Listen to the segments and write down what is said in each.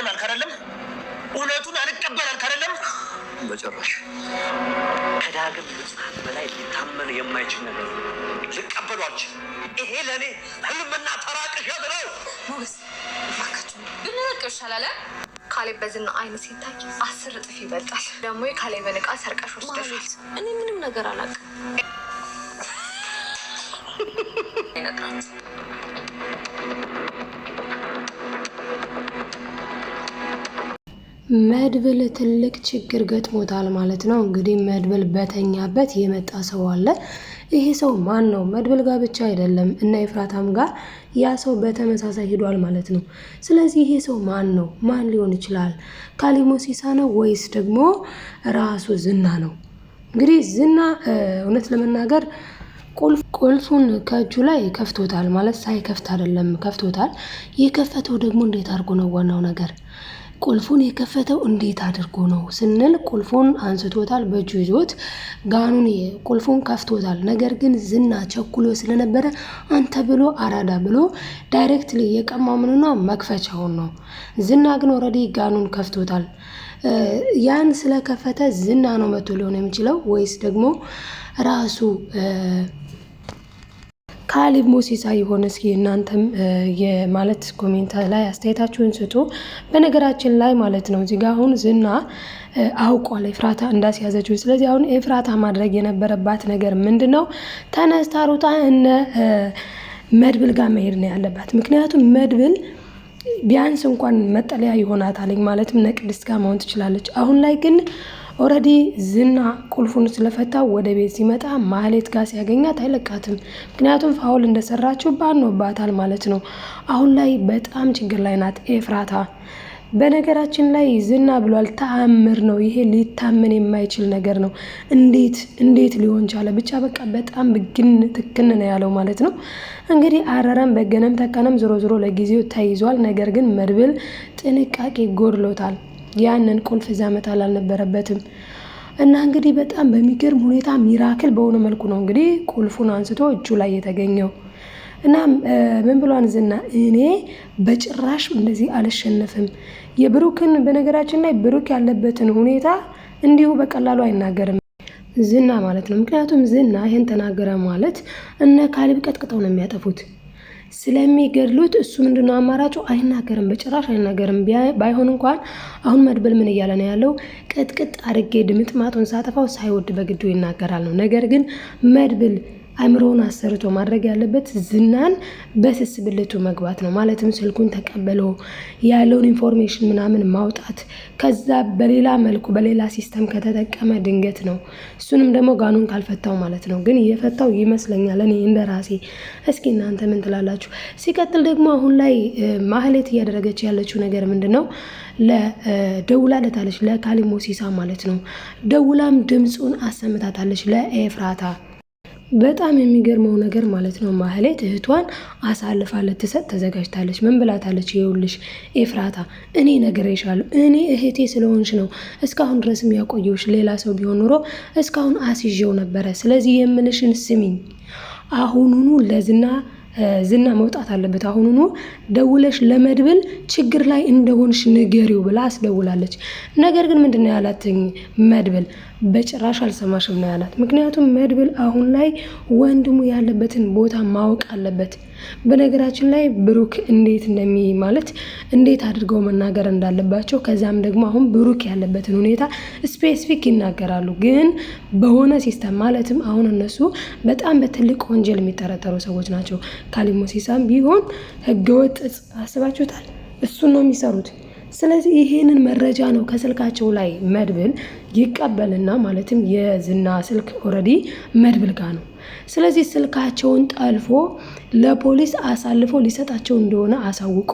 አላምን አልከረለም እውነቱን አልቀበል አልከረለም አይደለም? በጭራሽ ከዳግም ምጽአት በላይ ሊታመን የማይችል ነገር ልቀበሉ አልችል። ይሄ ለእኔ ህልምና ተራ ቅዠት ነው። ሞገስ እባካችሁ ብንነቅሽ ይሻላል። ካሌብ በዝና አይን ሲታይ አስር እጥፍ ይበልጣል። ደግሞ የካሌብን ዕቃ ሰርቀሽ ወስደሻል። እኔ ምንም ነገር አላውቅም። መድብል ትልቅ ችግር ገጥሞታል ማለት ነው። እንግዲህ መድብል በተኛበት የመጣ ሰው አለ። ይሄ ሰው ማን ነው? መድብል ጋር ብቻ አይደለም እና ኤፍራታም ጋር ያ ሰው በተመሳሳይ ሂዷል ማለት ነው። ስለዚህ ይሄ ሰው ማን ነው? ማን ሊሆን ይችላል? ካሊሞሲሳ ነው ወይስ ደግሞ ራሱ ዝና ነው? እንግዲህ ዝና እውነት ለመናገር ቁልፉን ከእጁ ላይ ከፍቶታል ማለት ሳይከፍት አይደለም ከፍቶታል። የከፈተው ደግሞ እንዴት አድርጎ ነው? ዋናው ነገር ቁልፉን የከፈተው እንዴት አድርጎ ነው ስንል ቁልፉን አንስቶታል፣ በእጁ ይዞት ጋኑን ቁልፉን ከፍቶታል። ነገር ግን ዝና ቸኩሎ ስለነበረ አንተ ብሎ አራዳ ብሎ ዳይሬክትሊ የቀማው መክፈቻውን ነው። ዝና ግን ኦልሬዲ ጋኑን ከፍቶታል። ያን ስለከፈተ ዝና ነው መቶ ሊሆን የሚችለው ወይስ ደግሞ ራሱ ካሊብ ሞሲሳ የሆነ እስኪ እናንተም የማለት ኮሜንት ላይ አስተያየታችሁን ስጡ። በነገራችን ላይ ማለት ነው እዚጋ አሁን ዝና አውቋል ኤፍራታ እንዳስያዘችው። ስለዚህ አሁን ኤፍራታ ማድረግ የነበረባት ነገር ምንድን ነው? ተነስታ ሩጣ እነ መድብል ጋር መሄድ ነው ያለባት። ምክንያቱም መድብል ቢያንስ እንኳን መጠለያ ይሆናታል። ማለትም ነቅድስት ጋር መሆን ትችላለች። አሁን ላይ ግን ኦልሬዲ ዝና ቁልፉን ስለፈታ ወደ ቤት ሲመጣ ማህሌት ጋር ሲያገኛት አይለቃትም። ምክንያቱም ፋውል እንደሰራችው ባኖባታል ማለት ነው። አሁን ላይ በጣም ችግር ላይ ናት ኤፍራታ። በነገራችን ላይ ዝና ብሏል ተአምር ነው ይሄ፣ ሊታመን የማይችል ነገር ነው። እንዴት እንዴት ሊሆን ቻለ? ብቻ በቃ በጣም ብግን ትክን ነው ያለው ማለት ነው። እንግዲህ አረረም በገነም ተቀነም ዞሮ ዞሮ ለጊዜው ተይዟል። ነገር ግን መድብል ጥንቃቄ ጎድሎታል። ያንን ቁልፍ እዛ መጣል አልነበረበትም። እና እንግዲህ በጣም በሚገርም ሁኔታ ሚራክል በሆነ መልኩ ነው እንግዲህ ቁልፉን አንስቶ እጁ ላይ የተገኘው። እና ምን ብሏን ዝና እኔ በጭራሽ እንደዚህ አልሸነፍም። የብሩክን በነገራችን ላይ ብሩክ ያለበትን ሁኔታ እንዲሁ በቀላሉ አይናገርም ዝና ማለት ነው። ምክንያቱም ዝና ይህን ተናገረ ማለት እነ ካሊብ ቀጥቅጠው ነው የሚያጠፉት። ስለሚገድሉት እሱ ነው አማራጩ? አይናገርም፣ በጭራሽ አይናገርም። ባይሆን እንኳን አሁን መድብል ምን እያለ ነው ያለው? ቅጥቅጥ አድርጌ ድምጥማጡን ሳጠፋው ሳይወድ በግዱ ይናገራል ነው። ነገር ግን መድብል አእምሮውን አሰርቶ ማድረግ ያለበት ዝናን በስስብልቱ መግባት ነው። ማለትም ስልኩን ተቀብሎ ያለውን ኢንፎርሜሽን ምናምን ማውጣት፣ ከዛ በሌላ መልኩ በሌላ ሲስተም ከተጠቀመ ድንገት ነው። እሱንም ደግሞ ጋኑን ካልፈታው ማለት ነው። ግን እየፈታው ይመስለኛል እኔ እንደ ራሴ። እስኪ እናንተ ምን ትላላችሁ? ሲቀጥል ደግሞ አሁን ላይ ማህሌት እያደረገች ያለችው ነገር ምንድን ነው? ለደውላ ለታለች ለካሊሞሲሳ ማለት ነው። ደውላም ድምፁን አሰምታታለች ለኤፍራታ በጣም የሚገርመው ነገር ማለት ነው ማህሌት እህቷን አሳልፋ ልትሰጥ ተዘጋጅታለች። ምን ብላታለች? ይኸውልሽ ኤፍራታ፣ እኔ ነግሬሻለሁ። እኔ እህቴ ስለሆንሽ ነው እስካሁን ድረስ የሚያቆየውሽ። ሌላ ሰው ቢሆን ኑሮ እስካሁን አስይዤው ነበረ። ስለዚህ የምልሽን ስሚኝ አሁኑኑ ለዝና ዝና መውጣት አለበት አሁኑኑ ደውለሽ ለመድብል ችግር ላይ እንደሆንሽ ንገሪው ብላ አስደውላለች። ነገር ግን ምንድን ነው ያላትኝ መድብል በጭራሽ አልሰማሽም ነው ያላት። ምክንያቱም መድብል አሁን ላይ ወንድሙ ያለበትን ቦታ ማወቅ አለበት። በነገራችን ላይ ብሩክ እንዴት እንደሚ ማለት እንዴት አድርገው መናገር እንዳለባቸው ከዚያም ደግሞ አሁን ብሩክ ያለበትን ሁኔታ ስፔሲፊክ ይናገራሉ። ግን በሆነ ሲስተም ማለትም አሁን እነሱ በጣም በትልቅ ወንጀል የሚጠረጠሩ ሰዎች ናቸው። ታሊሞ ሲሳም ቢሆን ህገወጥ እጽ አስባችሁታል። እሱን ነው የሚሰሩት። ስለዚህ ይሄንን መረጃ ነው ከስልካቸው ላይ መድብል ይቀበልና ማለትም የዝና ስልክ ኦልሬዲ መድብል ጋር ነው። ስለዚህ ስልካቸውን ጠልፎ ለፖሊስ አሳልፎ ሊሰጣቸው እንደሆነ አሳውቆ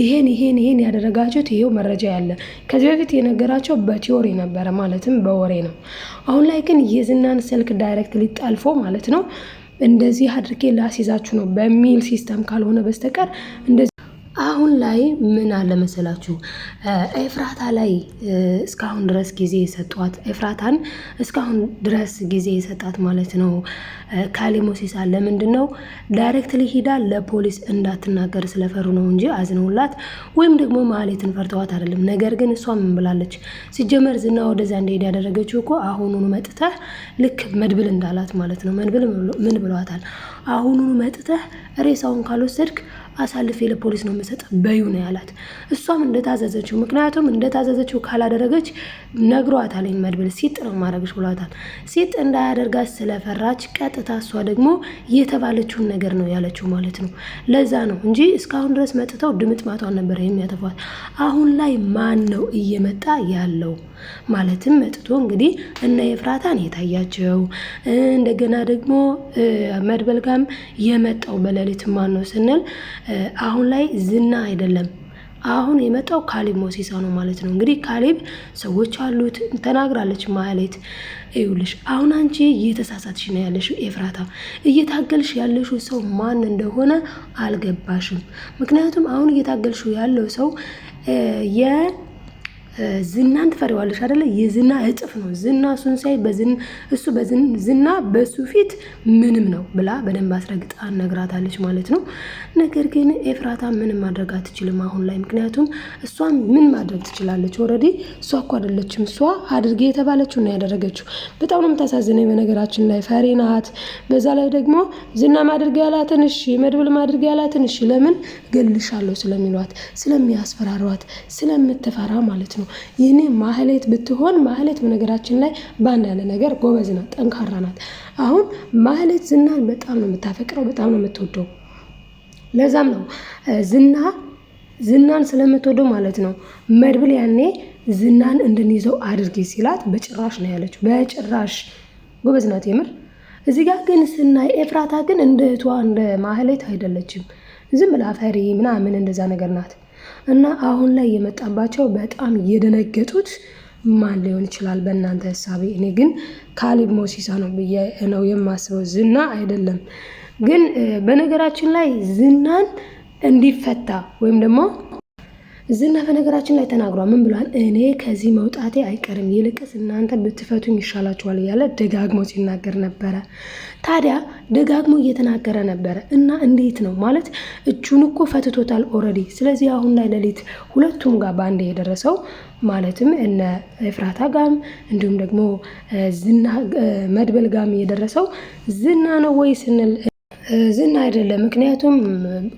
ይሄን ይሄን ይሄን ያደረጋችሁት ይሄው መረጃ ያለ ከዚህ በፊት የነገራቸው በቲዮሪ ነበረ፣ ማለትም በወሬ ነው። አሁን ላይ ግን የዝናን ስልክ ዳይሬክት ሊጠልፎ ማለት ነው እንደዚህ አድርጌ ላስይዛችሁ ነው በሚል ሲስተም ካልሆነ በስተቀር እንደዚህ አሁን ላይ ምን አለ መሰላችሁ ኤፍራታ ላይ እስካሁን ድረስ ጊዜ የሰጧት ኤፍራታን እስካሁን ድረስ ጊዜ የሰጣት ማለት ነው ካሊሞሲሳ ለምንድን ነው ዳይሬክትሊ ሂዳ ለፖሊስ እንዳትናገር ስለፈሩ ነው እንጂ አዝነውላት ወይም ደግሞ ማህሌትን ፈርተዋት አይደለም። ነገር ግን እሷ ምን ብላለች? ሲጀመር ዝና ወደዛ እንደሄድ ያደረገችው እኮ አሁኑኑ መጥተህ ልክ መድብል እንዳላት ማለት ነው። መድብል ምን ብሏታል? አሁኑኑ መጥተህ ሬሳውን ካልወሰድክ አሳልፌ ለፖሊስ ነው የምሰጥ በዩ ነው ያላት። እሷም እንደታዘዘችው ምክንያቱም እንደታዘዘችው ካላደረገች ነግሯት አለኝ መድብል ሲጥ ነው ማድረግች ብሏታል። ሲጥ እንዳያደርጋት ስለፈራች ቀጥታ እሷ ደግሞ የተባለችውን ነገር ነው ያለችው ማለት ነው። ለዛ ነው እንጂ እስካሁን ድረስ መጥተው ድምጥ ማቷን ነበር የሚያተፏት። አሁን ላይ ማን ነው እየመጣ ያለው? ማለትም መጥቶ እንግዲህ እነ የፍራታን የታያቸው እንደገና ደግሞ መድበልጋም የመጣው በሌሊት ማን ነው ስንል አሁን ላይ ዝና አይደለም አሁን የመጣው ካሊብ ሞሲሳ ነው ማለት ነው። እንግዲህ ካሊብ ሰዎች አሉት ተናግራለች ማለት ይኸውልሽ፣ አሁን አንቺ እየተሳሳትሽ ነው ያለሽው ኤፍራታ። እየታገልሽ ያለሽው ሰው ማን እንደሆነ አልገባሽም። ምክንያቱም አሁን እየታገልሽው ያለው ሰው የ ዝናን ትፈሪዋለሽ አደለ? የዝና እጥፍ ነው ዝና። እሱን እሱ ዝና በሱ ፊት ምንም ነው ብላ በደንብ አስረግጣ ነግራታለች ማለት ነው። ነገር ግን ኤፍራታ ምንም ማድረግ አትችልም አሁን ላይ፣ ምክንያቱም እሷ ምን ማድረግ ትችላለች? ኦልሬዲ እሷ እኮ አደለችም። እሷ አድርጌ የተባለችው ነው ያደረገችው። በጣም ነው የምታሳዝነኝ በነገራችን ላይ ፈሪ ናት። በዛ ላይ ደግሞ ዝና ማድርግ ያላትን እሺ፣ መድብል ማድርግ ያላትን እሺ፣ ለምን ገልሻለሁ ስለሚሏት ስለሚያስፈራሯት ስለምትፈራ ማለት ነው ነው። ይህኔ ማህሌት ብትሆን ማህሌት በነገራችን ላይ በአንዳንድ ነገር ጎበዝ ናት፣ ጠንካራ ናት። አሁን ማህሌት ዝናን በጣም ነው የምታፈቅረው፣ በጣም ነው የምትወደው። ለዛም ነው ዝና ዝናን ስለምትወደው ማለት ነው መድብል ያኔ ዝናን እንድንይዘው አድርጊ ሲላት በጭራሽ ነው ያለችው። በጭራሽ ጎበዝ ናት የምር። እዚህ ጋር ግን ስናይ ኤፍራታ ግን እንደ እህቷ እንደ ማህሌት አይደለችም። ዝም ብላ ፈሪ ምናምን እንደዛ ነገር ናት። እና አሁን ላይ የመጣባቸው በጣም የደነገጡት ማን ሊሆን ይችላል በእናንተ ህሳቤ? እኔ ግን ካሊብ ሞሲሳ ነው ብዬ ነው የማስበው፣ ዝና አይደለም። ግን በነገራችን ላይ ዝናን እንዲፈታ ወይም ደግሞ ዝና በነገራችን ላይ ተናግሯል። ምን ብሏል? እኔ ከዚህ መውጣቴ አይቀርም፣ ይልቅስ እናንተ ብትፈቱኝ ይሻላችኋል እያለ ደጋግሞ ሲናገር ነበረ። ታዲያ ደጋግሞ እየተናገረ ነበረ እና እንዴት ነው ማለት እጁን እኮ ፈትቶታል ኦልሬዲ። ስለዚህ አሁን ላይ ሌሊት ሁለቱም ጋር በአንድ የደረሰው ማለትም እነ ኤፍራታ ጋም እንዲሁም ደግሞ ዝና መድበል ጋም የደረሰው ዝና ነው ወይ ስንል ዝና አይደለም። ምክንያቱም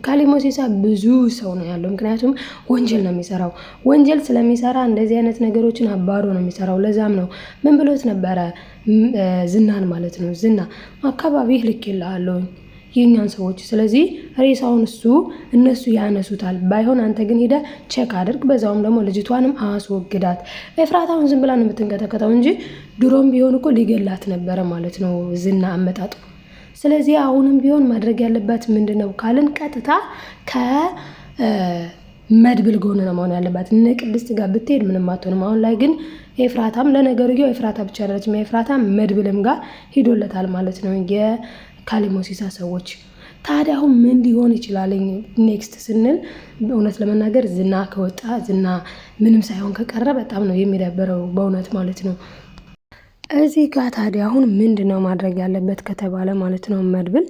ካሊሞሴሳ ብዙ ሰው ነው ያለው። ምክንያቱም ወንጀል ነው የሚሰራው። ወንጀል ስለሚሰራ እንደዚህ አይነት ነገሮችን አባሮ ነው የሚሰራው። ለዛም ነው ምን ብሎት ነበረ? ዝናን ማለት ነው። ዝና አካባቢ ልክ ይልሃለሁኝ የእኛን ሰዎች ስለዚህ ሬሳውን እሱ እነሱ ያነሱታል። ባይሆን አንተ ግን ሂደህ ቼክ አድርግ፣ በዛውም ደግሞ ልጅቷንም አስወግዳት። ኤፍራታውን ዝም ብላ ነው የምትንቀጠቀጠው እንጂ ድሮም ቢሆን እኮ ሊገላት ነበረ ማለት ነው ዝና አመጣጡ ስለዚህ አሁንም ቢሆን ማድረግ ያለበት ምንድን ነው ካልን ቀጥታ ከመድብል ጎን ነው መሆን ያለባት። እነ ቅድስት ጋር ብትሄድ ምንም አትሆንም። አሁን ላይ ግን ኤፍራታም ለነገርየው ኤፍራታ ብቻ አይደለችም፣ ኤፍራታ መድብልም ጋር ሂዶለታል ማለት ነው የካሊሞሲሳ ሰዎች ታዲያ አሁን ምን ሊሆን ይችላል ኔክስት ስንል፣ እውነት ለመናገር ዝና ከወጣ ዝና ምንም ሳይሆን ከቀረ በጣም ነው የሚደብረው በእውነት ማለት ነው። እዚህ ጋር ታዲያ አሁን ምንድን ነው ማድረግ ያለበት ከተባለ ማለት ነው መድብል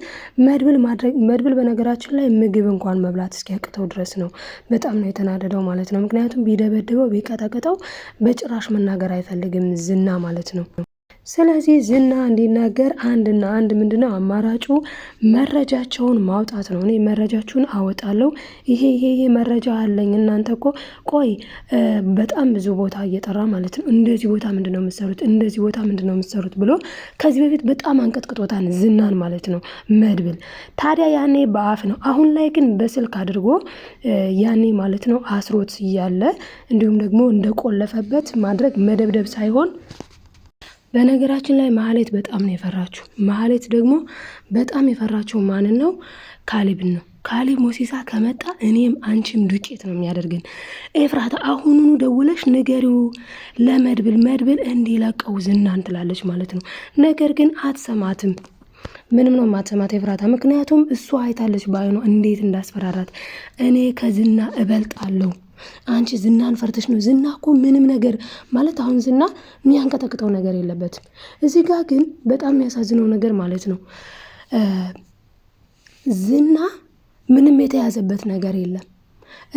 መድብል ማድረግ መድብል በነገራችን ላይ ምግብ እንኳን መብላት እስኪያቅተው ድረስ ነው። በጣም ነው የተናደደው ማለት ነው። ምክንያቱም ቢደበድበው ቢቀጠቅጠው በጭራሽ መናገር አይፈልግም ዝና ማለት ነው። ስለዚህ ዝና እንዲናገር አንድና አንድ ምንድነው አማራጩ መረጃቸውን ማውጣት ነው። እኔ መረጃችሁን አወጣለሁ፣ ይሄ ይሄ ይሄ መረጃ አለኝ። እናንተ እኮ ቆይ በጣም ብዙ ቦታ እየጠራ ማለት ነው። እንደዚህ ቦታ ምንድነው የምትሰሩት? እንደዚህ ቦታ ምንድነው የምትሰሩት? ብሎ ከዚህ በፊት በጣም አንቀጥቅጦታን ዝናን ማለት ነው መድብል። ታዲያ ያኔ በአፍ ነው፣ አሁን ላይ ግን በስልክ አድርጎ ያኔ ማለት ነው አስሮት እያለ እንዲሁም ደግሞ እንደቆለፈበት ማድረግ መደብደብ ሳይሆን በነገራችን ላይ ማህሌት በጣም ነው የፈራችው። ማህሌት ደግሞ በጣም የፈራችው ማንን ነው? ካሌብን ነው። ካሌብ ሞሲሳ ከመጣ እኔም አንቺም ዱቄት ነው የሚያደርገን። ኤፍራታ አሁኑኑ ደውለሽ ንገሪው ለመድብል፣ መድብል እንዲለቀው ዝናን ትላለች ማለት ነው። ነገር ግን አትሰማትም። ምንም ነው ማትሰማት ኤፍራታ። ምክንያቱም እሱ አይታለች በአይኗ እንዴት እንዳስፈራራት። እኔ ከዝና እበልጣለሁ አንቺ ዝናን ፈርተሽ ነው። ዝና እኮ ምንም ነገር ማለት አሁን ዝና የሚያንቀጠቅጠው ነገር የለበትም። እዚህ ጋር ግን በጣም የሚያሳዝነው ነገር ማለት ነው ዝና ምንም የተያዘበት ነገር የለም።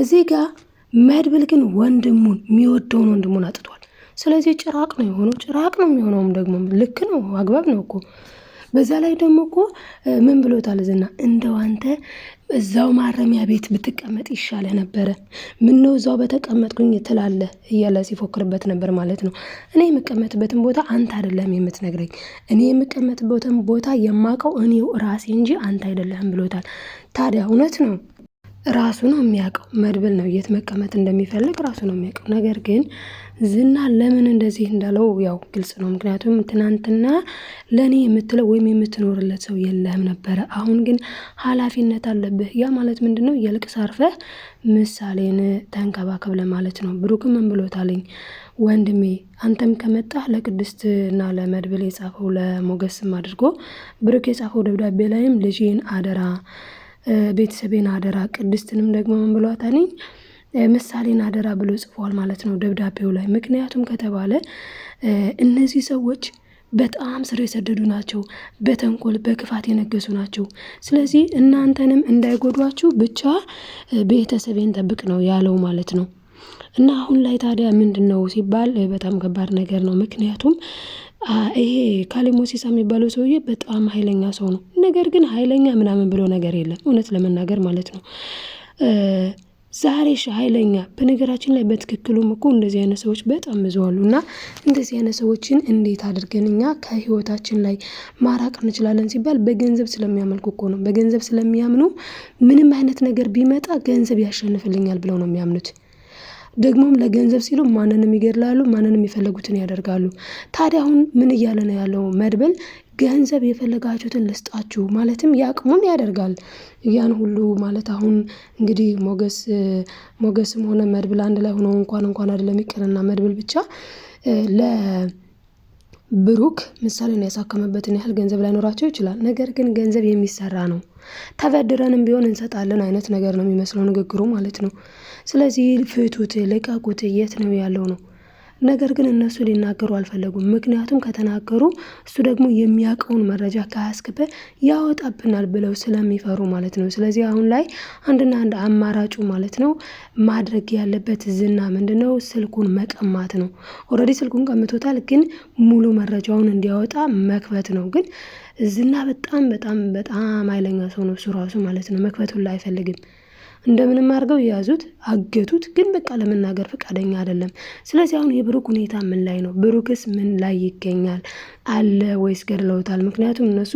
እዚህ ጋር መድብል ግን ወንድሙን የሚወደውን ወንድሙን አጥቷል። ስለዚህ ጭራቅ ነው የሆነው። ጭራቅ ነው የሚሆነውም ደግሞ ልክ ነው፣ አግባብ ነው እኮ በዛ ላይ ደግሞ እኮ ምን ብሎታል ዝና እንደው አንተ እዛው ማረሚያ ቤት ብትቀመጥ ይሻለ ነበረ፣ ነው እዛው በተቀመጥኩኝ ትላለ እያለ ሲፎክርበት ነበር ማለት ነው። እኔ የምቀመጥበትን ቦታ አንተ አይደለም የምትነግረኝ፣ እኔ የምቀመጥበትን ቦታ የማውቀው እኔው ራሴ እንጂ አንተ አይደለህም ብሎታል። ታዲያ እውነት ነው። ራሱ ነው የሚያውቀው። መድብል ነው የት መቀመጥ እንደሚፈልግ ራሱ ነው የሚያውቀው። ነገር ግን ዝና ለምን እንደዚህ እንዳለው ያው ግልጽ ነው። ምክንያቱም ትናንትና ለእኔ የምትለው ወይም የምትኖርለት ሰው የለህም ነበረ። አሁን ግን ኃላፊነት አለብህ። ያ ማለት ምንድን ነው? የልቅ አርፈህ ምሳሌን ተንከባከብ ለማለት ነው። ብሩክም ምን ብሎታለኝ? ወንድሜ አንተም ከመጣህ ለቅድስትና ለመድብል የጻፈው ለሞገስም አድርጎ ብሩክ የጻፈው ደብዳቤ ላይም ልጅን አደራ ቤተሰቤን አደራ ቅድስትንም ደግሞ ምን ብሏታል? ምሳሌን አደራ ብሎ ጽፏል ማለት ነው ደብዳቤው ላይ። ምክንያቱም ከተባለ እነዚህ ሰዎች በጣም ስር የሰደዱ ናቸው። በተንኮል በክፋት የነገሱ ናቸው። ስለዚህ እናንተንም እንዳይጎዷችሁ ብቻ ቤተሰቤን ጠብቅ ነው ያለው ማለት ነው። እና አሁን ላይ ታዲያ ምንድን ነው ሲባል በጣም ከባድ ነገር ነው። ምክንያቱም ይሄ ካሊሞሲሳ የሚባለው ሰውዬ በጣም ኃይለኛ ሰው ነው። ነገር ግን ኃይለኛ ምናምን ብሎ ነገር የለም እውነት ለመናገር ማለት ነው። ዛሬ ኃይለኛ በነገራችን ላይ በትክክሉም እኮ እንደዚህ አይነት ሰዎች በጣም ብዙ እና እንደዚህ አይነት ሰዎችን እንዴት አድርገን እኛ ከህይወታችን ላይ ማራቅ እንችላለን ሲባል በገንዘብ ስለሚያመልኩ እኮ ነው። በገንዘብ ስለሚያምኑ ምንም አይነት ነገር ቢመጣ ገንዘብ ያሸንፍልኛል ብለው ነው የሚያምኑት። ደግሞም ለገንዘብ ሲሉ ማንንም ይገድላሉ፣ ማንንም የፈለጉትን ያደርጋሉ። ታዲያ አሁን ምን እያለ ነው ያለው መድብል? ገንዘብ የፈለጋችሁትን ልስጣችሁ ማለትም የአቅሙን ያደርጋል። ያን ሁሉ ማለት አሁን እንግዲህ ሞገስ ሞገስም ሆነ መድብል አንድ ላይ ሆነው እንኳን እንኳን አይደለም ይቅርና መድብል ብቻ ለ ብሩክ ምሳሌን ያሳከመበትን ያህል ገንዘብ ላይኖራቸው ይችላል። ነገር ግን ገንዘብ የሚሰራ ነው። ተበድረንም ቢሆን እንሰጣለን አይነት ነገር ነው የሚመስለው ንግግሩ ማለት ነው። ስለዚህ ፍቱት፣ ልቀቁት፣ የት ነው ያለው ነው ነገር ግን እነሱ ሊናገሩ አልፈለጉም። ምክንያቱም ከተናገሩ እሱ ደግሞ የሚያውቀውን መረጃ ካያስክበ ያወጣብናል ብለው ስለሚፈሩ ማለት ነው። ስለዚህ አሁን ላይ አንድና አንድ አማራጩ ማለት ነው ማድረግ ያለበት ዝና ምንድን ነው ስልኩን መቀማት ነው። ኦልሬዲ ስልኩን ቀምቶታል፣ ግን ሙሉ መረጃውን እንዲያወጣ መክፈት ነው። ግን ዝና በጣም በጣም በጣም ኃይለኛ ሰው ነው እሱ ራሱ ማለት ነው። መክፈቱን ላይ አይፈልግም። እንደምንም አድርገው የያዙት አገቱት። ግን በቃ ለመናገር ፈቃደኛ አይደለም። ስለዚህ አሁን የብሩክ ሁኔታ ምን ላይ ነው? ብሩክስ ምን ላይ ይገኛል? አለ ወይስ ገድለውታል? ምክንያቱም እነሱ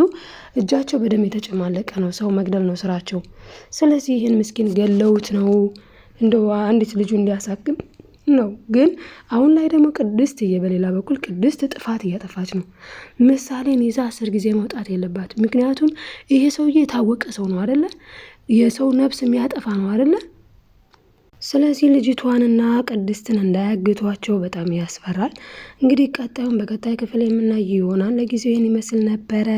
እጃቸው በደም የተጨማለቀ ነው። ሰው መግደል ነው ስራቸው። ስለዚህ ይህን ምስኪን ገለውት ነው እንደው አንዲት ልጁ እንዲያሳቅም ነው ግን አሁን ላይ ደግሞ ቅድስት በሌላ በኩል ቅድስት ጥፋት እያጠፋች ነው። ምሳሌን ይዛ አስር ጊዜ መውጣት የለባት። ምክንያቱም ይሄ ሰውዬ የታወቀ ሰው ነው አደለ? የሰው ነፍስ የሚያጠፋ ነው አይደለ? ስለዚህ ልጅቷንና ቅድስትን እንዳያግቷቸው በጣም ያስፈራል። እንግዲህ ቀጣዩን በቀጣይ ክፍል የምናይ ይሆናል። ለጊዜው ይህን ይመስል ነበረ።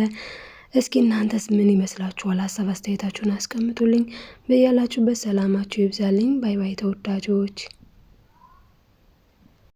እስኪ እናንተስ ምን ይመስላችኋል? ሀሳብ አስተያየታችሁን አስቀምጡልኝ። በያላችሁበት ሰላማችሁ ይብዛልኝ። ባይ ባይ ተወዳጆች።